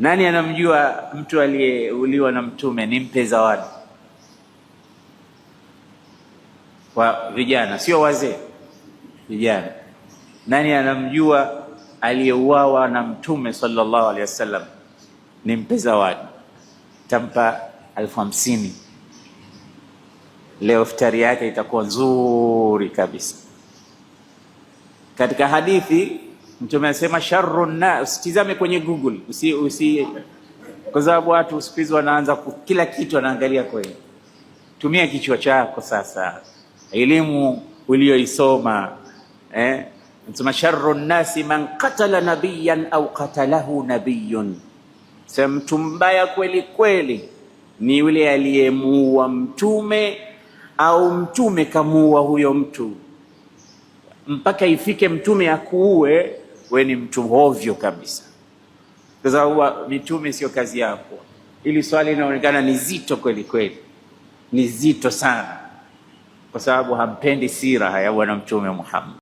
Nani anamjua mtu aliyeuliwa na Mtume? Nimpe zawadi kwa vijana, sio wazee, vijana. Nani anamjua aliyeuawa na Mtume sallallahu alaihi wasallam? Nimpe zawadi, tampa elfu hamsini. Leo iftari yake itakuwa nzuri kabisa. Katika hadithi Mtume anasema sharru nas, usitizame kwenye Google usi, usi, kwa sababu watu siku hizi wanaanza kila kitu wanaangalia kwenye. Tumia kichwa chako sasa, elimu uliyoisoma eh? Mtume sharru nasi man qatala nabiyan au qatalahu nabiyun, sema mtu mbaya kweli kweli ni yule aliyemuua mtume au mtume kamuua huyo mtu, mpaka ifike mtume akuue we ni mtu hovyo kabisa, kwa sababu mitume sio kazi yako. Ili swali linaonekana ni zito kweli kweli, ni zito sana, kwa sababu hampendi sira ya Bwana Mtume Muhammad.